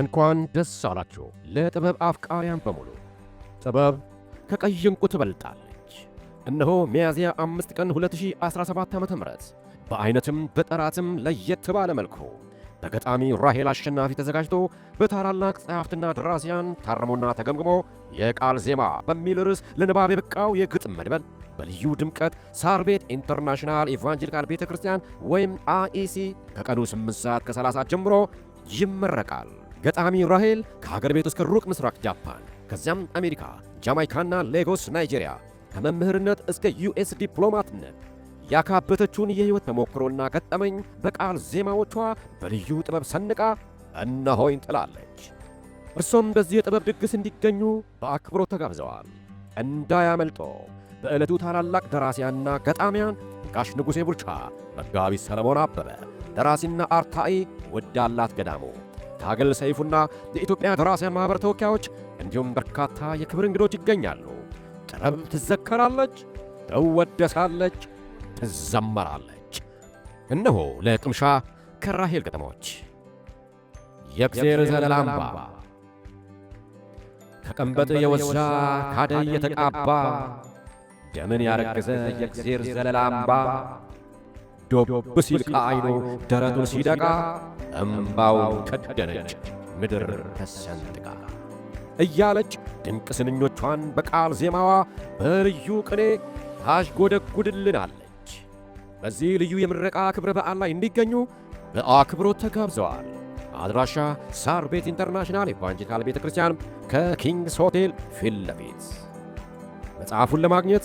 እንኳን ደስ አላችሁ ለጥበብ አፍቃሪያን በሙሉ። ጥበብ ከቀይ ዕንቁ ትበልጣለች። እነሆ ሚያዝያ አምስት ቀን 2017 .ም በአይነትም በጥራትም ለየት ባለ መልኩ በገጣሚ ራሄል አሸናፊ ተዘጋጅቶ በታላላቅ ጸሐፍትና ደራሲያን ታርሞና ተገምግሞ የቃል ዜማ በሚል ርዕስ ለንባብ የበቃው የግጥም መድበል በልዩ ድምቀት ሳር ቤት ኢንተርናሽናል ኢቫንጀሊካል ቤተ ክርስቲያን ወይም አኢሲ ከቀኑ 8 ሰዓት ከ30 ጀምሮ ይመረቃል። ገጣሚ ራሄል ከሀገር ቤት እስከ ሩቅ ምስራቅ ጃፓን፣ ከዚያም አሜሪካ፣ ጃማይካና ሌጎስ ናይጄሪያ፣ ከመምህርነት እስከ ዩኤስ ዲፕሎማትነት ያካበተችውን የህይወት ተሞክሮና ገጠመኝ በቃል ዜማዎቿ በልዩ ጥበብ ሰንቃ እነሆኝ ጥላለች። እርሶም በዚህ የጥበብ ድግስ እንዲገኙ በአክብሮት ተጋብዘዋል። እንዳያመልጦ። በዕለቱ ታላላቅ ደራሲያንና ገጣሚያን ጋሽ ንጉሴ ቡልቻ፣ መጋቢ ሰለሞን አበበ፣ ደራሲና አርታኢ ወዳላት ገዳሙ ታገል ሰይፉና የኢትዮጵያ ደራሲያን ማኅበር ተወካዮች እንዲሁም በርካታ የክብር እንግዶች ይገኛሉ። ጥበብ ትዘከራለች፣ ትወደሳለች፣ ትዘመራለች። እነሆ ለቅምሻ ከራሄል ግጥሞች የእግዜር ዘለላምባ ከቀንበጥ የወዛ ካደይ የተቃባ ደምን ያረገዘ የእግዜር ዘለላምባ ዶብ ሲል ከዓይኑ ደረቱ ሲደቃ እምባው ከደነች፣ ምድር ተሰንጥቃ እያለች ድንቅ ስንኞቿን በቃል ዜማዋ በልዩ ቅኔ ታሽጎደጉድልናለች። በዚህ ልዩ የምረቃ ክብረ በዓል ላይ እንዲገኙ በአክብሮት ተጋብዘዋል። አድራሻ ሳር ቤት ኢንተርናሽናል ኤቫንጀሊካል ቤተ ክርስቲያን ከኪንግስ ሆቴል ፊት ለፊት። መጽሐፉን ለማግኘት